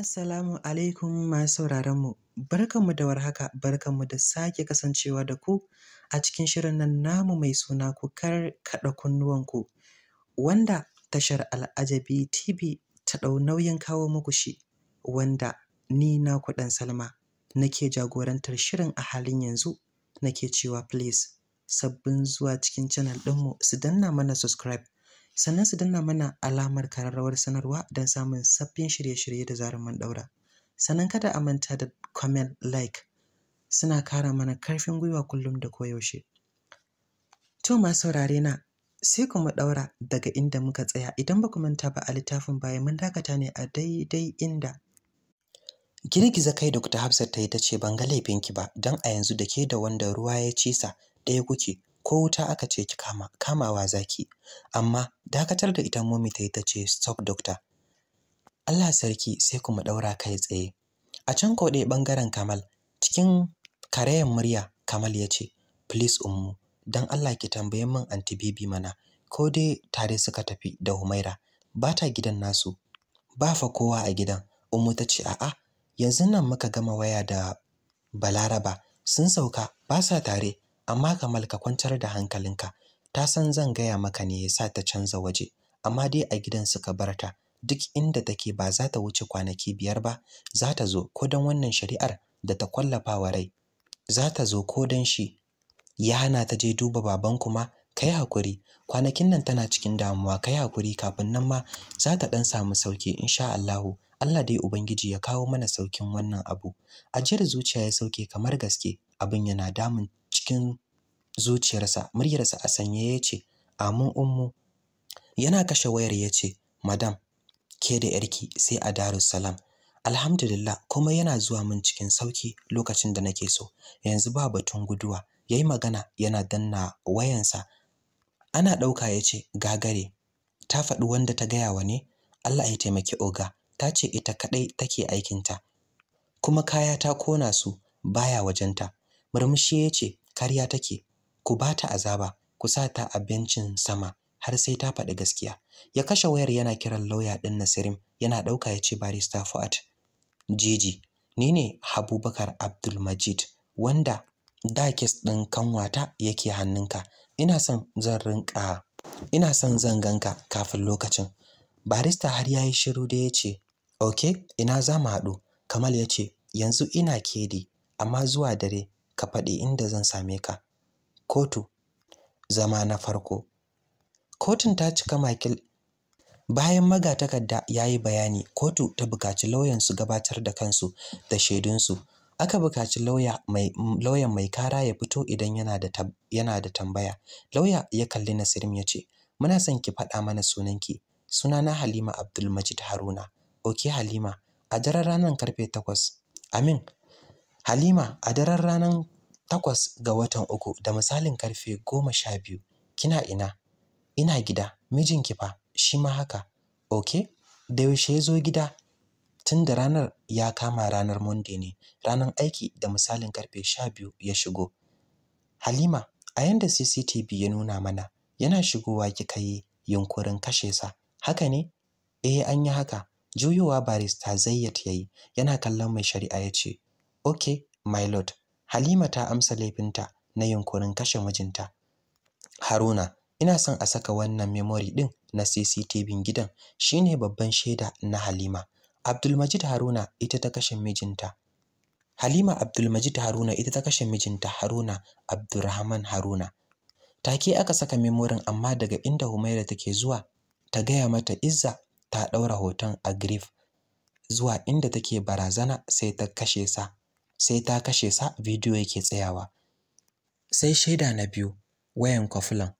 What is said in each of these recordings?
Assalamu alaikum masu mu Barkanmu da warhaka, barkanmu da sake kasancewa da ku a cikin shirin nan namu mai suna kukar kar kaɗa kunnuwanku, wanda tashar Al'ajabi TV ta ɗau nauyin kawo muku shi, wanda ni na kuɗan Salma nake jagorantar shirin a halin yanzu nake cewa please sabbin zuwa cikin channel ɗinmu su danna mana subscribe sannan su danna mana alamar kararrawar sanarwa don samun sabbin shirye-shirye da zarar mun ɗaura. Sannan kada a manta da comment like suna kara mana karfin gwiwa kullum da koyaushe. To masu saurare na sai kuma ɗaura daga inda muka tsaya idan ba ku manta ba a littafin baya mun dakata ne a daidai inda girgiza kai da kuta hafsat ta yi ta ce ban ga laifinki ba don a yanzu da ke da wanda ruwa ya cisa ɗaya kuke ko wuta aka ce ki kama kamawa zaki amma dakatar da ita momi ta yi ta ce stop doctor Allah sarki sai kuma ɗaura kai tsaye a can koɗe ɓangaren Kamal cikin karayen murya Kamal ya ce please ummu dan Allah ki tambayi min anti bibi mana ko dai tare suka tafi da Humaira ba ta gidan nasu ba fa kowa a gidan ummu ta ce a'a yanzu nan muka gama waya da Balaraba sun sauka ba sa tare amma Kamal ka kwantar da hankalinka ta san zan gaya maka ne yasa ta canza waje amma dai a gidan suka barta duk inda take ba za ta wuce kwanaki biyar ba za ta zo ko don wannan shari'ar da ta kwallafa wa rai za ta zo ko don shi ya hana ta je duba baban kuma kai hakuri kwanakin nan tana cikin damuwa kai hakuri kafin nan ma za ta dan samu sauki insha Allah Allah dai ubangiji ya kawo mana saukin wannan abu ajiyar zuciya ya sauke kamar gaske abin yana damun cikin zuciyarsa muryarsa a sanye ya ce amin ummu yana kashe wayar ya ce madam ke da yarki sai a darussalam alhamdulillah kuma yana zuwa min cikin sauki lokacin da nake so yanzu ba batun guduwa Ya yi magana yana danna wayansa ana ɗauka ya ce gagare ta faɗi wanda ta gaya wa ne Allah ya taimaki oga ta ce ita kaɗai take aikinta kuma kaya ta kona su baya wajenta murmushi ya ce kariya take ku ba ta azaba ku sa ta a bencin sama har sai ta faɗi gaskiya ya kashe wayar yana kiran lauya ɗin Nasirim yana ɗauka ya ce barista Fuad Jiji ni ne Abubakar Abdulmajid wanda da kes ɗin kanwata yake hannunka ina son zan rinka ina son zan ganka kafin lokacin barista har ya yi shiru da ya ce okay ina za mu haɗu Kamal ya ce yanzu ina kedi amma zuwa dare ka faɗi inda zan same ka kotu zama na farko kotun ta cika makil bayan magatakarda ya yi bayani kotu ta bukaci lauyan su gabatar da kansu da shaidunsu aka bukaci lauyan mai kara ya fito idan yana da tambaya lauya ya kalli nasirim ya ce muna son ki faɗa mana sunanki sunana halima abdulmajid haruna oke halima a jarar ranar karfe 8, amin Halima a daren ranar takwas ga watan uku da misalin karfe goma sha biyu kina ina? Ina gida, mijinki fa shi ma haka. oke da yaushe ya zo gida? Tun da ranar ya kama ranar Monday ne, ranar aiki da misalin karfe sha biyu ya shigo. Halima, a yanda CCTV ya nuna mana, yana shigowa kika yi yunkurin kashe sa, haka ne? Eh an yi haka. Juyowa barista Zayyat ya yi, yana kallon mai shari'a ya ce, Ok my lord halima ta amsa laifinta na yunkurin kashe mijinta haruna ina son a saka wannan memory din na CCTV gidan shine babban shaida na halima abdulmajid haruna ita ta kashe mijinta halima abdulmajid haruna ita ta kashe mijinta haruna abdurrahman haruna take aka saka memorin amma daga inda humaira take zuwa ta gaya mata izza ta ɗaura hoton a grief zuwa inda take barazana sai ta kashe sa sai ta kashe sa bidiyo yake tsayawa sai shaida na biyu wayan kwafulan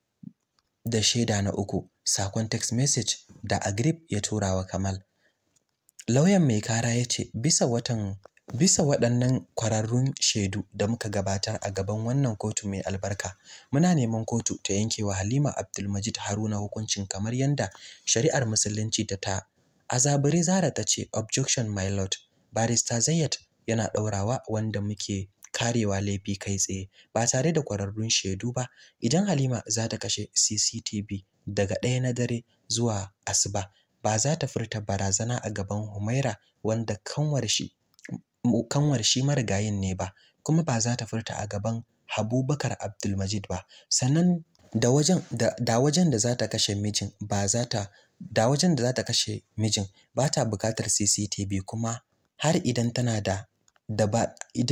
da shaida na uku sakon text message da agrib ya tura wa kamal lauyan mai kara ya ce bisa watan bisa waɗannan kwararrun shaidu da muka gabatar a gaban wannan kotu mai albarka muna neman kotu ta yanke wa halima abdulmajid haruna hukuncin kamar yadda shari'ar musulunci da ta azabari zara ta ce objection my lord barista zayyat yana ɗaurawa wanda muke karewa laifi kai tsaye ba tare da kwararrun shaidu ba idan Halima za ta kashe CCTV daga ɗaya na dare zuwa asuba ba za ta furta barazana a gaban Humaira wanda kanwar shi kanwar shi marigayin ne ba kuma ba za ta furta a gaban Habubakar Abdulmajid ba sannan da wajen da, da wajen da za ta kashe mijin ba za ta da wajen da za ta kashe mijin ba ta bukatar CCTV kuma har idan tana da da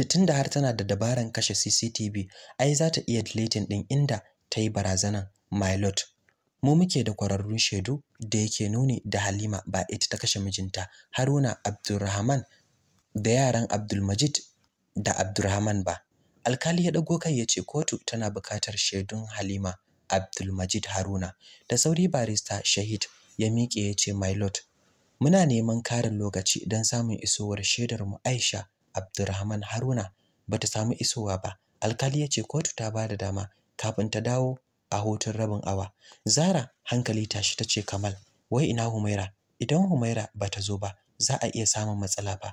tun da har tana da dabaran kashe CCTV ai za ta iya deleting din inda ta yi barazanan Lord. mu muke da kwararrun shaidu da yake nuni da Halima ba ita ta kashe mijinta Haruna Abdulrahman da yaran Abdulmajid da Abdulrahman ba alkali ya dago kai ya ce kotu tana buƙatar shaidun Halima Abdulmajid Haruna da sauri barista Shahid ya miƙe ya ce Lord. muna neman karin lokaci don samun isowar shaidar mu Aisha Abdurrahman Haruna bata samu isowa ba alkali ya ce kotu ta bada dama kafin ta dawo a hutun rabin awa Zara hankali tashi tace Kamal wai ina Humaira idan Humaira bata zo ba za a iya samun matsala ba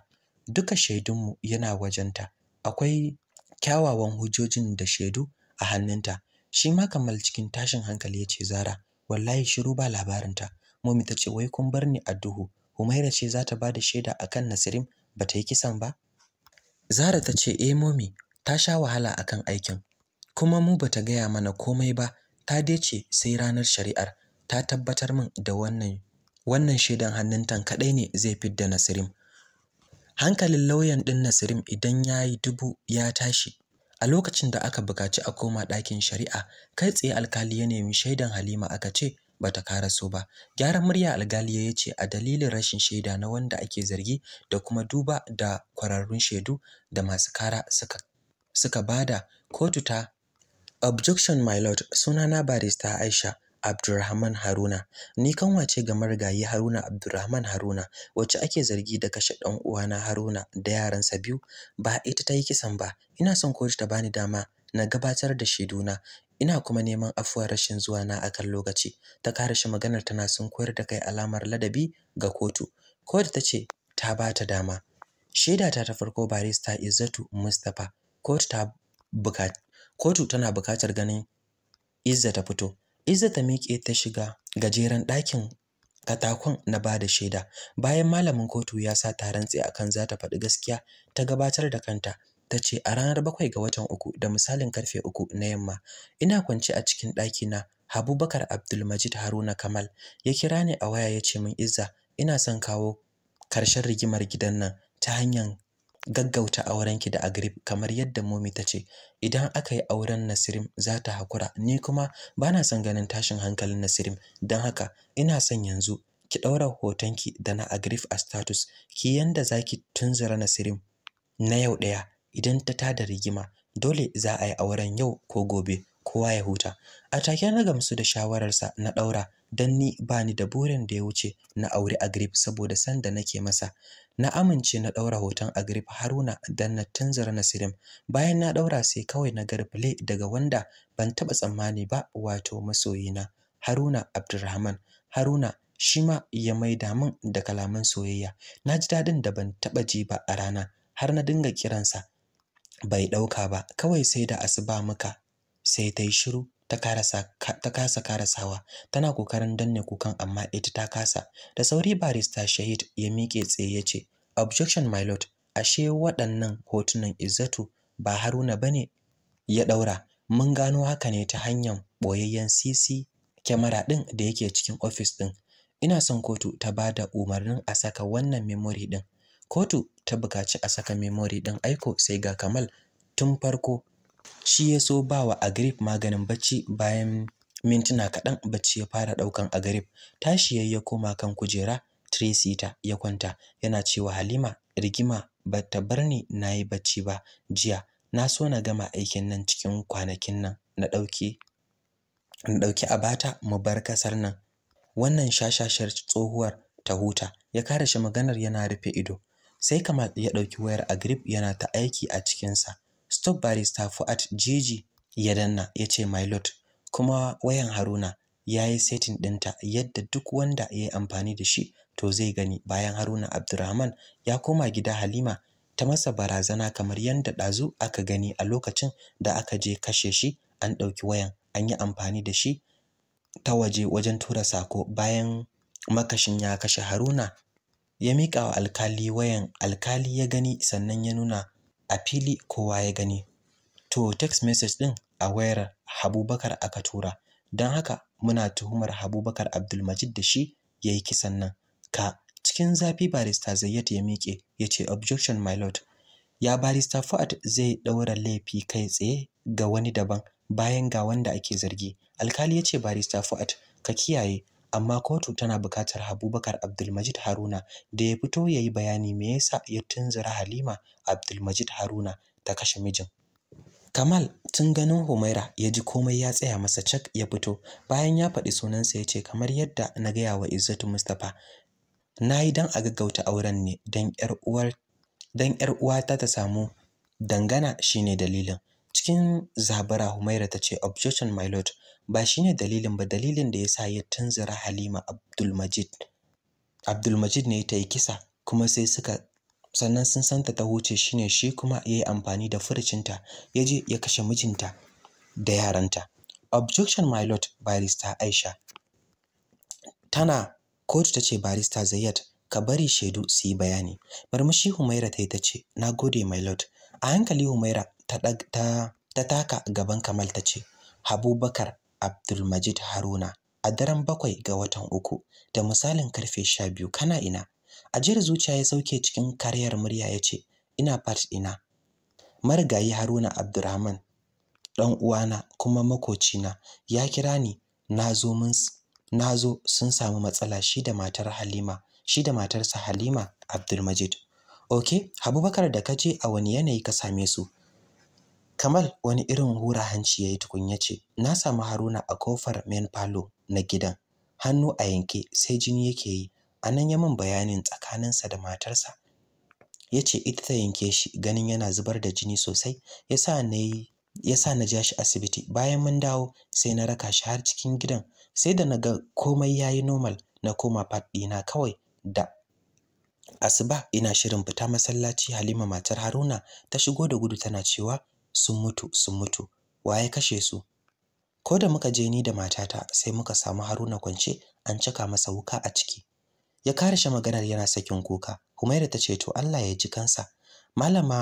duka shaidunmu yana wajenta akwai kyawawan hujjojin da shaidu a hannunta shi ma Kamal cikin tashin hankali ya ce Zara wallahi shiru ba labarinta mumi ta ce wai kun bar ni a duhu Humaira ce za ta bada shaida akan Nasrim bata yi kisan ba Zara ta ce eh momi ta sha wahala akan aikin kuma mu bata gaya mana komai ba ta dace sai ranar shari'ar ta tabbatar min da wannan wannan shaidan hannunta kaɗai ne zai fidda Nasirim. Hankalin lauyan ɗin Nasirim idan ya yi dubu ya tashi. A lokacin da aka buƙaci a koma ɗakin shari'a, kai tsaye alkali ya nemi shaidan Halima aka ce bata karaso ba gyaran murya algaliya ya ce a dalilin rashin shaida na wanda ake zargi da kuma duba da kwararrun shaidu da masu kara suka suka bada kotu ta objection my lord sunana barista Aisha Abdulrahman Haruna ni kanwace ga marigayi Haruna Abdulrahman Haruna wacce ake zargi da kashe dan uwana Haruna da yaransa biyu ba ita ta yi kisan ba ina son kotu ta bani dama na gabatar da shaiduna ina kuma neman afuwar rashin zuwa na akan lokaci ta karashe maganar tana sun koyar da kai alamar ladabi ga kotu kotu ta ce ta ba ta dama shaida ta ta farko barista Izzatu Mustapha kotu tana bukatar ganin Izza ta fito Izza ta miƙe ta shiga gajeren ɗakin katakon na ba da shaida bayan malamin kotu ya sa ta rantse akan za ta faɗi gaskiya ta gabatar da kanta ta ce a ranar bakwai ga watan uku da misalin karfe uku na yamma ina kwance a cikin ɗakina habubakar abdulmajid haruna kamal ya kira ni a waya ya ce min izza ina son kawo karshen rigimar gidan nan ta hanyar gaggauta aurenki da agrib kamar yadda momi ta ce idan aka yi auren nasirim za ta haƙura ni kuma ba na son ganin tashin hankalin nasirim don haka ina son yanzu ki ɗaura hotonki da na agrib a status ki yanda za ki tunzura nasirim na yau ɗaya idan ta tada rigima dole za a yi auren yau ko gobe kowa ya huta a take na gamsu da shawararsa na ɗaura dan ni ba ni da burin da ya wuce na auri grip saboda sanda nake masa na amince na ɗaura hoton a grip haruna don na tunzura sirim bayan na ɗaura sai kawai na ga play daga wanda ban taɓa tsammani ba wato masoyina haruna Abdurrahman. haruna shi ma ya maida min da kalaman soyayya na ji daɗin da ban taɓa ji ba a rana har na dinga kiransa bai ɗauka ba kawai sai da asuba muka sai ta yi shiru ta kasa karasawa tana kokarin danne kukan amma ita ta kasa da sauri barista shahid ya miƙe tsaye ya ce objection my lord ashe waɗannan hotunan izzatu ba haruna ne? ya ɗaura mun gano haka ne ta hanyar ɓoyayyen cc kyamara ɗin da yake cikin ofis ɗin ina son kotu ta ba da umarnin a saka wannan memory ɗin kotu ta bukaci a saka memory din aiko sai ga kamal tun farko shi ya so ba wa agrip maganin bacci bayan mintuna kaɗan bacci ya fara ɗaukan agrip tashi yayi ya koma kan kujera tresita ya kwanta yana cewa halima rigima ba ta bar ni na yi bacci ba jiya na so na gama aikin nan cikin kwanakin nan na ɗauki na ɗauki abata mu bar kasar nan wannan shashashar tsohuwar ta huta ya kare shi maganar yana rufe ido sai kamal ya ɗauki wayar a grip yana ta aiki a cikinsa stop barista Fu'at jeji ya danna ya ce my lord kuma wayan haruna ya yi setting ɗinta yadda duk wanda ya yi amfani da shi to zai gani bayan haruna abdurrahman ya koma gida halima ta masa barazana kamar yadda ɗazu aka gani a lokacin da aka je kashe shi an ɗauki wayan an yi amfani da shi ta waje wajen tura sako bayan makashin ya kashe haruna ya miƙa wa alkali wayan alkali ya gani sannan ya nuna a fili kowa ya gani to text message ɗin a wayar Habubakar aka tura don haka muna tuhumar Habubakar Abdulmajid da shi ya yi kisan nan ka cikin zafi barista Zayyat ya miƙe ya ce objection my lord ya barista Fuad zai ɗaura laifi kai tsaye ga wani daban bayan ga wanda ake zargi alkali ya ce barista Fuad ka kiyaye amma kotu tana buƙatar Abubakar Abdulmajid Haruna da ya fito ya yi bayani me yasa ya tunzura Halima Abdulmajid Haruna ta kashe mijin. Kamal tun ganin Humaira ya ji komai ya tsaya masa cak ya fito bayan ya faɗi sunansa ya ce kamar yadda na gaya wa Izzatu Mustapha na yi don a gaggauta auren ne don 'yar uwata ta samu dangana shine dalilin. Cikin zabara Humaira ta ce objection my lord ba shi ne dalilin ba dalilin da ya sa ya tunzura Halima Abdulmajid Abdulmajid ne ta yi kisa kuma sai suka sannan sun santa ta huce shi ne shi kuma ya yi amfani da furucinta ya je ya kashe mijinta da yaranta objection my lord barista Aisha tana kotu ta ce barista Zayyad ka bari shaidu su yi bayani marmashi Humaira ta yi ta ce na gode my lord a hankali Humaira ta taka gaban Kamal ta ce Habubakar Abdulmajid Haruna a daren bakwai ga watan uku da misalin karfe sha biyu kana ina ajiyar zuciya ya sauke cikin karyar murya ya ce ina part ina marigayi Haruna Abdulrahman ɗan uwana kuma makocina ya kira ni Na zo sun samu matsala shi da matar Halima shi da matarsa Halima Abdulmajid ok habubakar da ka je a wani yanayi ka same su Kamal wani irin hura hanci ya yi tukun ce, Na samu Haruna a kofar main palo na gidan, hannu a yanke sai jini yake yi, a nan ya min bayanin tsakaninsa da matarsa. Ya ce ita ta yanke shi ganin yana zubar da jini sosai, ya sa na ja shi asibiti bayan mun dawo sai na raka shi har cikin gidan sai da na ga komai ya yi normal na koma fat ɗina kawai da asuba ina shirin fita masallaci halima matar haruna ta shigo da gudu tana cewa sun mutu sun mutu waye kashe su ko da muka je ni da matata sai muka samu Haruna kwance an cika masa wuka a ciki ya shi maganar yana sakin kuka Humaira ta ce to Allah ya ji kansa malama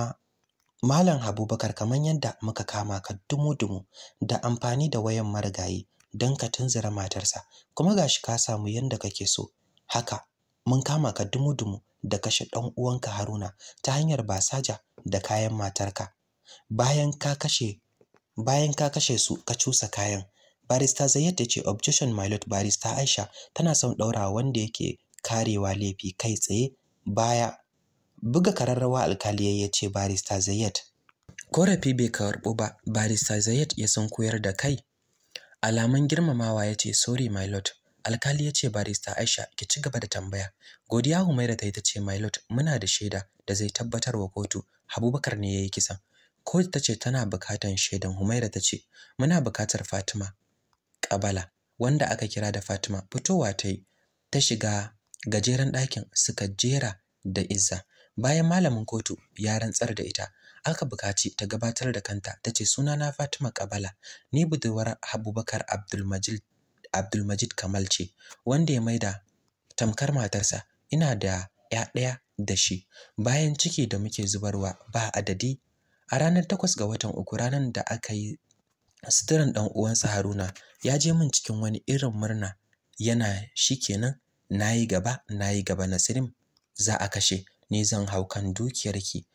malam Abubakar kaman yadda muka kama ka dumu-dumu da amfani da wayan marigayi don ka tunzura matarsa kuma gashi ka samu yadda kake so haka mun kama ka dumu-dumu da kashe ɗan uwanka Haruna ta hanyar basaja da kayan matarka bayan ka kashe bayan ka kashe su ka cusa kayan barista zayyad ya ce objection my lord barista aisha tana son ɗaura wanda yake karewa laifi kai tsaye baya buga kararrawa alkali ya ce barista zayyad korafi bai karɓo ba barista zayyad ya san koyar da kai alaman girmamawa ya ce sorry my lord alkali ya ce barista aisha ki ci gaba da tambaya godiya humaira ta yi ta ce my lord muna da shaida da zai tabbatar wa kotu abubakar ne ya yi kisan Kotu ta ce tana bukatan shaidan Humaira ta ce muna bukatar Fatima ƙabala. wanda aka kira da Fatima fitowa ta yi ta shiga gajeren ɗakin suka jera da Izza bayan malamin kotu ya rantsar da ita aka bukaci ta gabatar da kanta ta ce sunana Fatima Kabala ni budurwar Abubakar Abdulmajid Abdulmajid Kamal ce wanda ya maida tamkar matarsa ina da ya da shi bayan ciki da muke zubarwa ba adadi a ranar takwas ga watan uku ranar da aka yi suturan ɗan uwansa Haruna ya je min cikin wani irin murna yana shikenan nayi gaba nayi gaba Nasirim za a kashe ni zan hau kan dukiyarki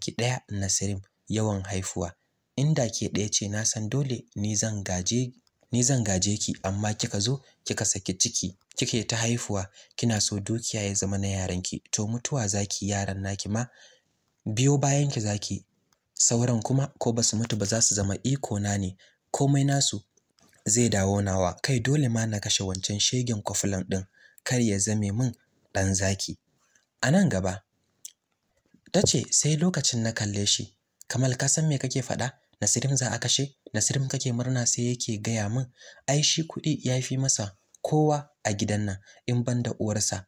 ki ɗaya Nasirim yawan haifuwa inda ke ɗaya ce na san dole ni zan gaje ni zan gaje ki amma kika zo kika saki ciki kike ta haifuwa kina so dukiya ya zama na yaranki to mutuwa zaki yaran naki ma biyo bayan ki zaki sauran kuma ko basu mutu ba za su zama iko na ne komai nasu zai dawo nawa kai dole ma na kashe wancan shegen kwafulan ɗin kar ya zame min ɗan zaki a nan gaba ta ce sai lokacin na kalle shi kamal ka san me kake faɗa nasirim za a kashe nasirim kake murna sai yake gaya min ai shi kuɗi ya fi masa kowa a gidan nan in ban da uwarsa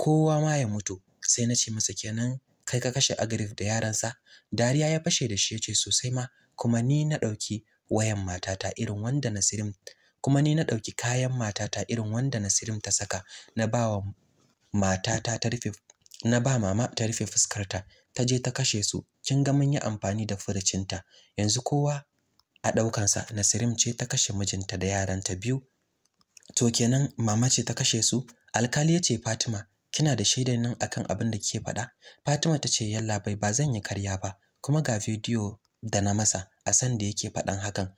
kowa ma ya mutu sai na ce masa kenan kai ka kashe agrif da yaransa dariya ya fashe da shi ya ce sosai ma kuma ni na ɗauki wayan matata irin wanda nasirim kuma ni na ɗauki kayan matata irin wanda nasirin ta saka na ba wa matata ta rufe na ba mama ta rufe fuskarta ta je ta kashe su kin ga mun yi amfani da furucinta yanzu kowa a ɗaukansa nasirim ce ta kashe mijinta da yaranta biyu to kenan mama ce ta kashe su alkali ya ce fatima kina da shaidar nan akan abin da kike faɗa Fatima ta ce yalla ba zan yi karya ba kuma ga bidiyo da na masa a san da yake faɗan hakan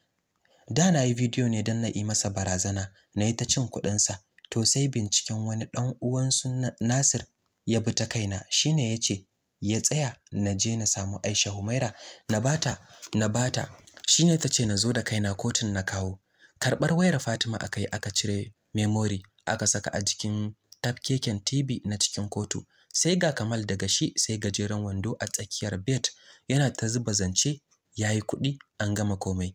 da na yi bidiyo ne don na yi masa barazana na yi ta cin kuɗinsa to sai binciken wani ɗan uwansu Nasir ya bi ta kaina shine ya ce ya tsaya na je na samu Aisha Humaira na bata na bata shine ta ce na zo da kaina kotun na kawo karɓar wayar Fatima aka yi aka cire memori aka saka a jikin tafkeken TV na cikin kotu. Sai ga Kamal daga shi sai gajeren wando a tsakiyar bed yana ta zuba zance yayi kudi kuɗi an gama komai.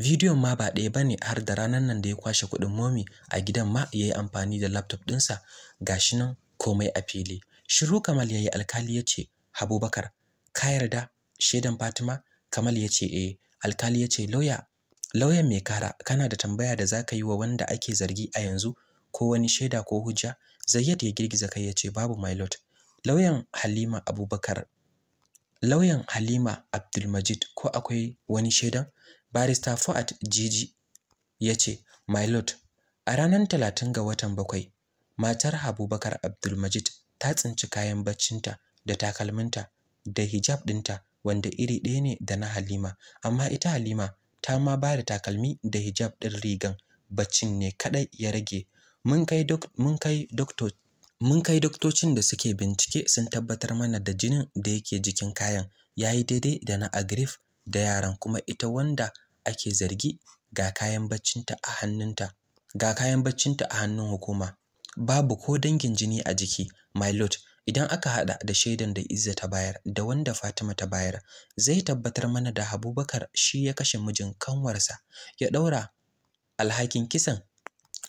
Bidiyon ma ba ɗaya ba ne har da ranar nan da ya kwashe kuɗin momi a gidan ma yayi amfani da laptop ɗinsa gashi nan komai a fili. Shiru Kamal yayi alkali yace ce, Habubakar, ka yarda shaidan Fatima? Kamal ya eh, alkali yace ce, lauya, lauyan mai kara, kana da tambaya da zaka yi wa wanda ake zargi a yanzu? ko wani shaida ko hujja zayyad ya girgiza kai ya ce babu my lord lauyan halima abubakar lauyan halima abdulmajid ko akwai wani shaidan barista fuad jiji ya ce my lord a ranar talatin ga watan bakwai matar abubakar abdulmajid ta tsinci kayan baccinta da takalminta da hijab ɗinta wanda iri ɗaya ne da na halima amma ita halima ta ma ba da takalmi da hijab ɗin rigan baccin ne kaɗai ya rage mun kai doktocin da suke bincike sun tabbatar mana da jinin da yake jikin kayan ya yi daidai da na agrif da yaran kuma ita wanda ake zargi ga kayan baccinta a hannunta ga kayan baccinta a hannun hukuma babu ko dangin jini a jiki my lord idan aka hada da shaidan da Izza ta bayar da wanda Fatima ta bayar zai tabbatar mana da Abubakar shi ya kashe mijin kanwarsa ya daura alhakin kisan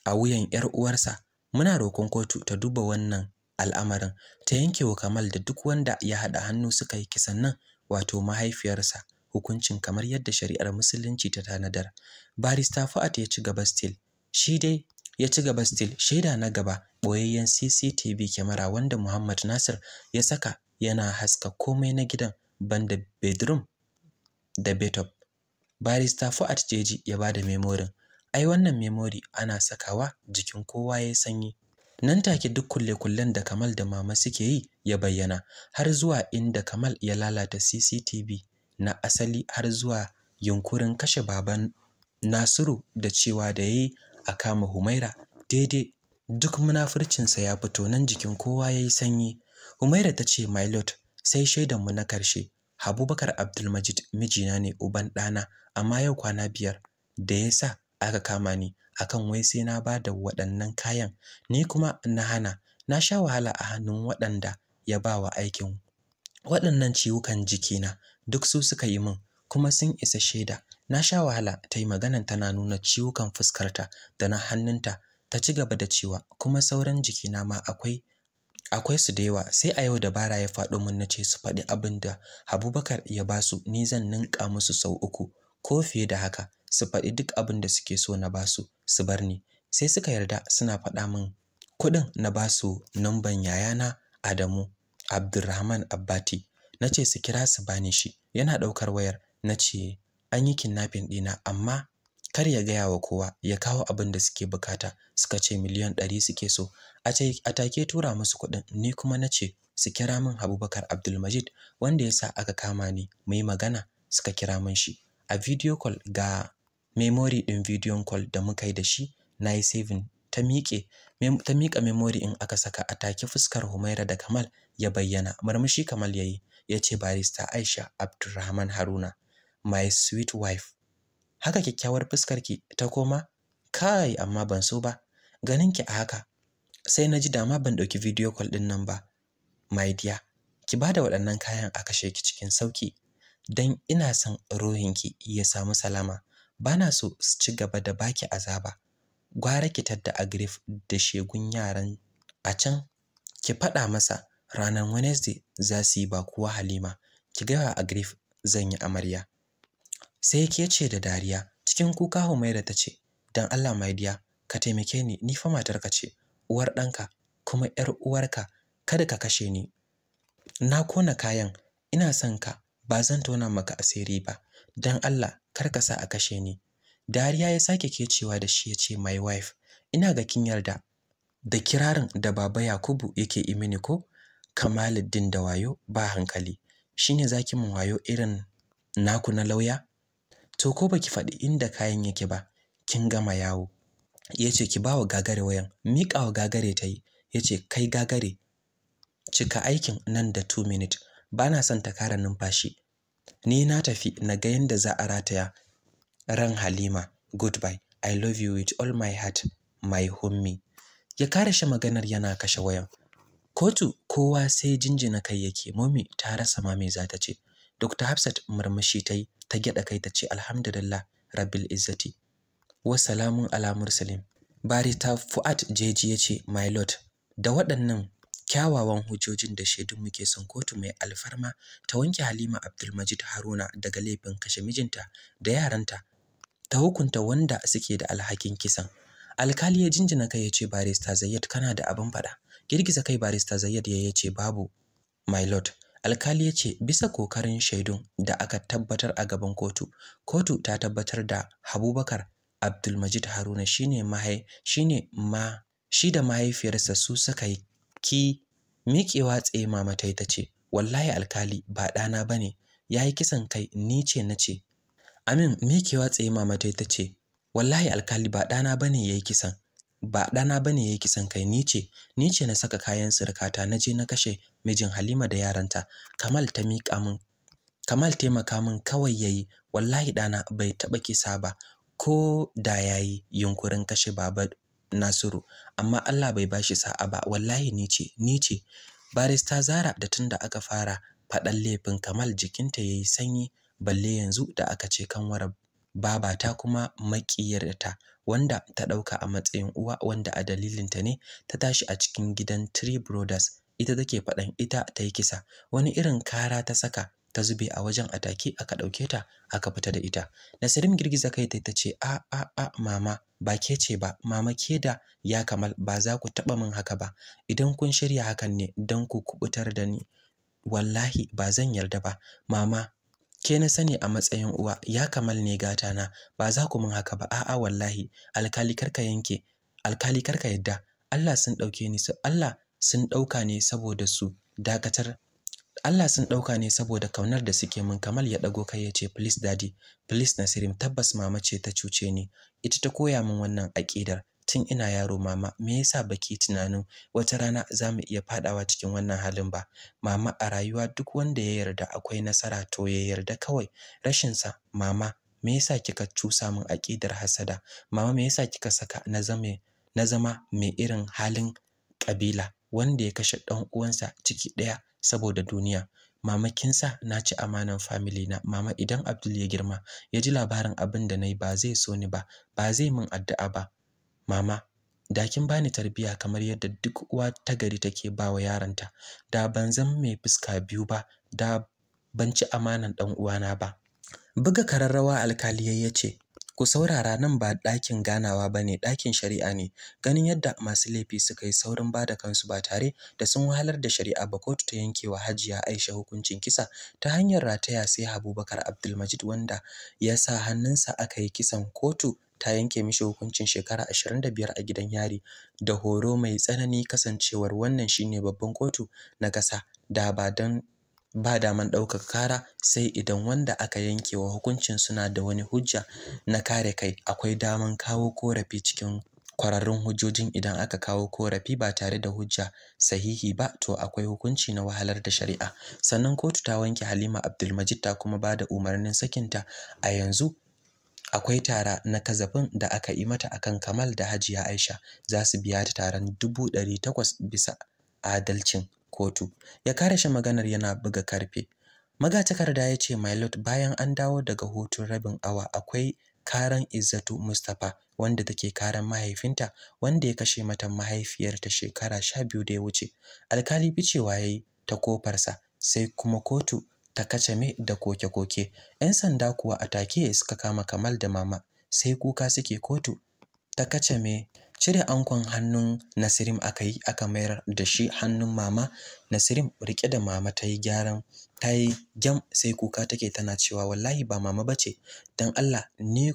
a wuyan 'yar uwarsa muna roƙon kotu ta duba wannan al'amarin ta yanke wa Kamal da duk wanda ya haɗa hannu suka yi kisan nan wato mahaifiyarsa hukuncin kamar yadda shari'ar musulunci ta tanadar barista Fuad ya ci gaba still shi dai ya ci gaba still shaida na gaba boyayyen CCTV kyamara wanda Muhammad Nasir ya saka yana haska komai na gidan banda bedroom da bathtub barista Fuad Jeji ya da memorin ai wannan memory ana sakawa jikin kowa ya sanyi nan take duk kulle-kullen da Kamal da mama suke yi ya bayyana har zuwa inda Kamal ya lalata CCTV na asali har zuwa yunkurin kashe baban Nasiru da cewa da yayi a kama Humaira daidai duk munafurcinsa ya fito nan jikin kowa ya yi sanyi Humaira ta ce my lord sai mu na karshe Abubakar Abdulmajid mijina ne uban ɗana amma yau kwana biyar da ya sa aka kama ni akan wai sai na ba da waɗannan kayan ni kuma na hana na sha wahala a hannun waɗanda ya ba wa aikin waɗannan ciwukan jikina duk su suka yi min kuma sun isa shaida na sha wahala ta yi maganan tana nuna ciwukan fuskarta da na hannunta ta ci gaba da cewa kuma sauran jikina ma akwai akwai su da yawa sai a yau dabara ya faɗo mun na ce su faɗi abin da abubakar ya ba su ni zan ninka musu sau uku ko fiye da haka su faɗi duk abin da suke so na basu su bar ni sai suka yarda suna faɗa min kuɗin na basu namban yayana Adamu Abdulrahman Abbati na ce su kira su bani shi yana ɗaukar wayar na ce an yi kidnapping ɗina amma kar ya gaya wa kowa ya kawo abin da suke bukata suka ce miliyan ɗari suke so a take tura musu kuɗin ni kuma na ce su kira min Abubakar Abdulmajid wanda ya sa aka kama ni mu magana suka kira min shi a video call ga memory ɗin bidiyon call da muka yi da shi na yi saving ta miƙe ta miƙa memory in aka saka a take fuskar Humaira da Kamal ya bayyana murmushi Kamal yayi ya ce barista Aisha Abdulrahman Haruna my sweet wife haka kyakkyawar fuskar ki ta koma kai amma ban so ba ganin ki a haka sai na ji dama ban ɗauki video call ɗin nan ba my dear ki bada waɗannan kayan a kashe ki cikin sauki dan ina son ruhinki ya samu salama bana so su ci gaba da baki azaba gwara ki tadda a grief da shegun yaran a can ki faɗa masa ranar Wednesday za su yi ba kuwa Halima ki gaya agrif zan yi amarya sai ke ce da dariya cikin kuka Humaira ta ce dan Allah mai diya ka taimake ni ni fa matar ka ce uwar ɗanka kuma ƴar uwarka kada ka kashe ni na kona kayan ina son ka ba zan tona maka asiri ba dan Allah kar ka sa a kashe ni dariya ya sake kecewa da shi ya ce my wife ina ga kin yarda da kirarin da baba Yakubu yake yi mini ko Kamaluddin da wayo ba hankali shine zaki mun wayo irin naku na lauya to ko baki faɗi inda kayan yake ba kin gama yawo yace ki bawa gagare wayan miƙawa gagare ta tayi yace kai gagare cika aikin nan da 2 minute na son ta kara numfashi ni na tafi na ga yadda za a rataya ran Halima goodbye i love you with all my heart my homie ya kare shi maganar yana kashe wayan kotu kowa sai jinjina kai yake momi ta rasa ma me za ta ce dr hafsat murmushi ta yi ta gyada kai ta ce alhamdulillah rabbil izzati wa salamun ala mursalin ta fuad jeji ya ce my lord da waɗannan kyawawan hujjojin da shaidun muke son kotu mai alfarma ta wanke Halima Abdulmajid Haruna daga laifin kashe mijinta da yaranta ta hukunta wanda suke da alhakin kisan alkali ya jinjina kai ya ce barista Zayyad kana da abin faɗa girgiza kai barista Zayyad ya ce babu my lord alkali ya ce bisa kokarin shaidun da aka tabbatar a gaban kotu kotu ta tabbatar da Abubakar Abdulmajid Haruna shine mahai shine ma shi da mahaifiyarsa su suka yi ki miƙewa tsaye mama ta ta ce wallahi alkali ba ɗana ba ne ya yi kisan kai ni ce na ce amin miƙewa tsaye mama ta ta ce wallahi alkali ba ɗana ba ne ya yi kisan ba ɗana ba ne ya yi kisan kai ni ce ni ce na saka kayan sirkata na je na kashe mijin halima da yaranta kamal ta miƙa min kamal taimaka min kawai ya yi wallahi ɗana bai taɓa kisa ba ko da ya yi yunkurin kashe baba Nasiru amma Allah bai bashi sa'a ba wallahi ni ce ni ce barista Zara da tunda aka fara faɗan laifin Kamal jikinta yayi sanyi balle yanzu da aka ce kanwar babata kuma maƙiyarta wanda ta ɗauka a matsayin uwa wanda a dalilinta ne ta tashi a cikin gidan Three Brothers ita take faɗan ita ta yi kisa wani irin kara ta saka ta zube a wajen atake aka ɗauke ta aka fita da ita nasirin girgiza kai ta ce a a a mama ba ke ce ba mama ke da ya kamal ba za ku taɓa min haka ba idan kun shirya hakan ne dan ku kubutar da ni wallahi ba zan yarda ba mama ke na sani a matsayin uwa ya kamal ne gata na ba za ku min haka ba a'a wallahi alkali karka yanke alkali karka yadda Allah sun dauke ni su Allah sun ɗauka ne saboda su dakatar Allah sun ɗauka ne saboda kaunar da suke min Kamal ya ɗago kai ya ce please daddy please Nasirim tabbas mama ce ta cuce ni ita ta koya min wannan aƙidar tun ina yaro mama me yasa baki tunanin wata rana za mu iya faɗawa cikin wannan halin ba mama a rayuwa duk wanda ya yarda akwai nasara to ya yarda kawai rashin sa mama me yasa kika cusa min aƙidar hasada mama me yasa kika saka na zame na zama mai irin halin kabila wanda ya kashe ɗan uwansa ciki ɗaya saboda duniya mama kin sa na ci amanan family na mama idan Abdul ya girma ya ji labarin abin da nayi ba zai so ni ba ba zai min addu'a ba mama da kin bani tarbiya kamar yadda duk uwa ta gari take bawa yaranta da ban zan mai fuska biyu ba da ban ci amanan dan uwana ba buga kararrawa alkali ya ce ku saurara nan ba ɗakin ganawa ba ne ɗakin shari'a ne ganin yadda masu laifi suka yi saurin ba da kansu ba tare da sun wahalar da shari'a ba kotu ta yanke wa hajiya aisha hukuncin kisa ta hanyar rataya sai abubakar abdulmajid wanda ya sa hannunsa aka yi kisan kotu ta yanke mishi hukuncin shekara 25 a gidan yari da horo mai tsanani kasancewar wannan shine babban kotu na ƙasa da ba don ba daman ɗaukaka kara sai idan wanda aka yanke wa hukuncin suna da wani hujja na kare kai akwai daman kawo korafi cikin kwararrun hujjojin idan aka kawo korafi ba tare da hujja sahihi ba to akwai hukunci na wahalar da shari'a sannan kotu ta wanke Halima Abdulmajid ta kuma ba da umarnin sakinta a yanzu akwai tara na kazafin da aka yi mata akan Kamal da Hajiya Aisha za su biya ta taron dubu ɗari takwas bisa adalcin kotu ya karashe maganar yana buga karfe magatakarda ya ce my lord bayan an dawo daga hutun rabin awa akwai karan izzatu mustapha wanda take karan mahaifinta wanda ya kashe mata mahaifiyarta shekara sha biyu da ya wuce alkali bicewa yayi yi ta kofarsa sai kuma kotu ta kacame da koke-koke 'yan sanda kuwa a take suka kama kamal da mama sai kuka suke kotu ta kacame Cire ankon hannun Nasirim aka yi aka mayar da shi hannun mama. Nasirim rike da mama ta yi gyaran ta yi gyam sai kuka take tana cewa wallahi ba mama ba ce don Allah ni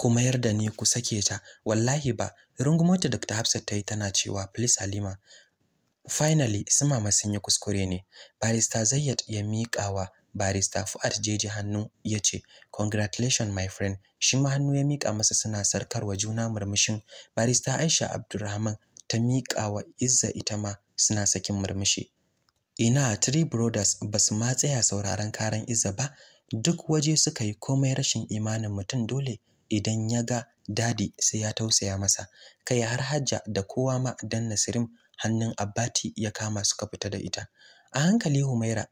ku mayar da ni ku sake ta wallahi ba rungumota Dr. hafsa ta yi tana cewa please Halima finally su mama sun yi kuskure ne barista Zayyad ya miƙawa barista Fuad jeji hannu ya ce congratulations my friend shi ma hannu ya mika masa suna sarkarwa juna murmushin barista Aisha Abdulrahman ta miƙa wa Izza ita ma suna sakin murmushi ina three brothers basu ma tsaya sauraron karan Izza ba duk waje suka yi komai rashin imanin mutum dole idan ya ga dadi sai ya tausaya masa kai har hajja da kowa ma dan Nasirim hannun Abbati ya kama suka fita da ita a hankali Humaira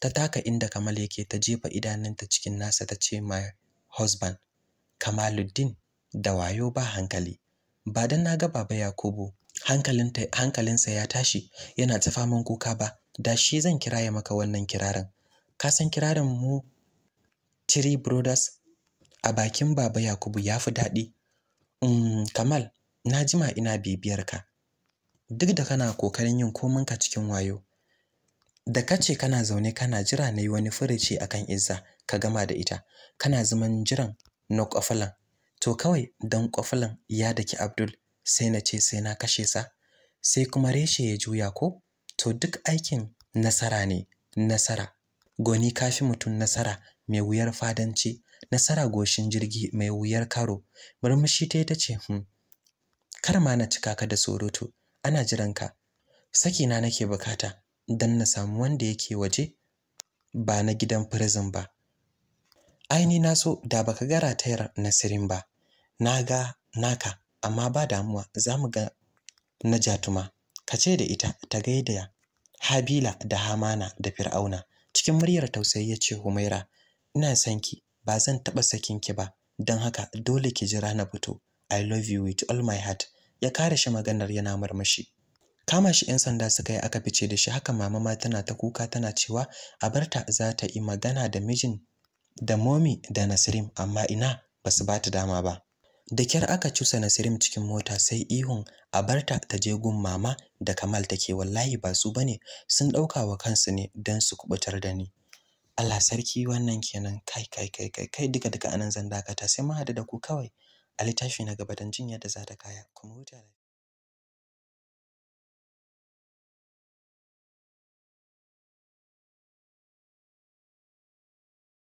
ta taka inda Kamal yake ta jefa idanunta cikin nasa ta ce my husband Kamaluddin da wayo ba hankali ba dan naga baba Yakubu hankalinta hankalinsa ya tashi yana ta faman kuka ba da shi zan kiraye maka wannan kirarin ka san kirarin mu Three Brothers a bakin baba Yakubu ya fi daɗi mm, Kamal na jima ina bibiyar ka duk da kana kokarin yin komanka cikin wayo da ka ce kana zaune kana jira na yi wani a akan Izza ka gama da ita kana zaman jiran na kwafalan to kawai dan kwafalan ya daki Abdul sai na ce sai na kashe sa sai kuma reshe ya juya ko to duk aikin nasara ne nasara goni kafi mutum nasara mai wuyar fadanci nasara goshin jirgi mai wuyar karo murmushi ta tace hmm, kar ma na cika ka da surutu ana jiranka sakina nake bukata don na samu wanda yake waje ba na gidan prison ba aini na so da baka ga ratayar nasirin ba na ga naka amma ba damuwa za mu ga na jatuma ka ce da ita ta gaida habila da hamana da fir'auna cikin muryar tausayi ya ce humaira ina son ki ba zan taɓa sakin ki ba don haka dole ki jira na fito i love you with all my heart ya kare shi maganar yana murmushi kama shi 'yan sanda suka yi aka fice da shi haka mama ma tana ta kuka tana cewa a barta za ta yi magana da mijin da momi da nasirim amma ina ba su ba ta dama ba da kyar aka cusa nasirim cikin mota sai ihun a barta ta je gun mama da kamal take wallahi ba su bane sun ɗauka wa kansu ne don su kubutar da ni Allah sarki wannan kenan kai kai kai kai kai duka duka anan zan dakata sai mu hada da ku kawai a littafi na gaba don jin yadda za ta kaya kuma huta